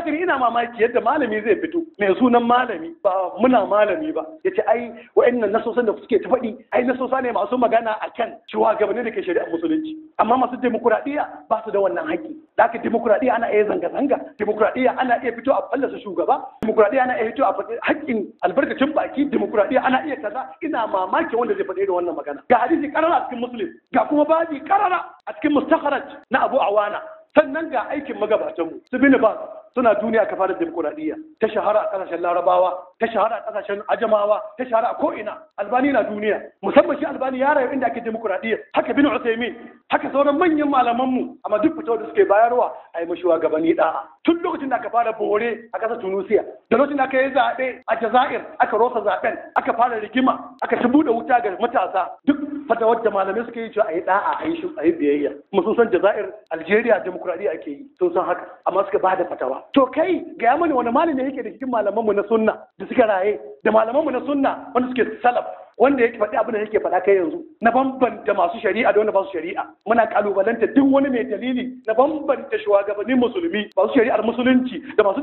kafiri ina mamaki yadda malami zai fito mai sunan malami ba muna malami ba ya ce ai wa'annan nasosan da suke tafaɗi faɗi ai nasosa ne masu magana kan cewa gabanin da ke shari'ar musulunci amma masu demokuraɗiyya ba su da wannan haƙƙi da haka demokuraɗiyya ana iya zanga-zanga demokuraɗiyya ana iya fito a fallasa shugaba demokuraɗiyya ana iya fito a haƙƙin albarkacin baki demokuraɗiyya ana iya kaza ina mamaki wanda zai faɗi da wannan magana ga hadisi karara a cikin musulun ga kuma babi karara a cikin mustakharaj na abu awana sannan ga aikin magabatanmu su bini ba suna duniya ka fara demokuraɗiyya ta shahara a ƙasashen larabawa ta shahara a ƙasashen ajamawa ta shahara a ko'ina albani na duniya musamman shi albani ya rayu inda ake demokuraɗiyya haka bin usaimin haka sauran manyan malamanmu amma duk fito da suke bayarwa a yi mashi gabani da'a tun lokacin da aka fara bore a ƙasar tunisia da lokacin da aka yi zaɓe a jazair aka rosa zaɓen aka fara rigima aka ci buɗe wuta ga matasa duk fata wadda malamai suke yi cewa a yi da'a a yi a yi biyayya kuma sun san jazair algeria demokradiyya ake yi sun san haka amma suka ba da fatawa to kai gaya mani wani malami yake da cikin malamanmu na sunna da suka raye da malamanmu na sunna wanda suke salaf wanda ya faɗi abin da yake faɗa kai yanzu na bambanta masu shari'a da wanda ba su shari'a muna kalubalanta duk wani mai dalili na bambanta shugabannin musulmi masu shari'ar musulunci da masu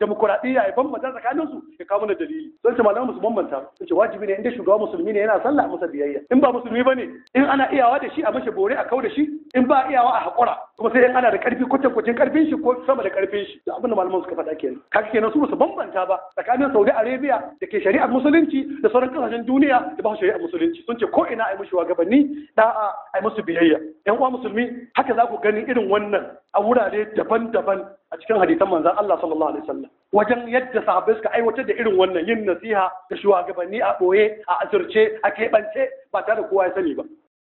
demokuraɗiyya ya bambanta tsakanin su ya kawo mana dalili don su malamu su bambanta sun ce wajibi ne inda shugaban musulmi ne yana sallah masa biyayya in ba musulmi ba ne, in ana iyawa da shi a mashi bore a kau da shi in ba iyawa a haƙura kuma sai ana da karfi kwatan kwacin karfin shi ko sama da karfin shi da abin da malaman suka faɗa kenan kaga kenan su ba su bambanta ba tsakanin Saudi Arabia da ke shari'ar musulunci da sauran kasashen duniya da ba shari'ar musulunci sun ce ko ina ai mushi gabanni da'a ai musu biyayya yan uwa musulmi haka za ku gani irin wannan a wurare daban-daban a cikin hadisan manzan Allah sallallahu alaihi wasallam wajen yadda sahabbai suka aiwatar da irin wannan yin nasiha da shugabanni a ɓoye a asirce a keɓance ba tare da kowa ya sani ba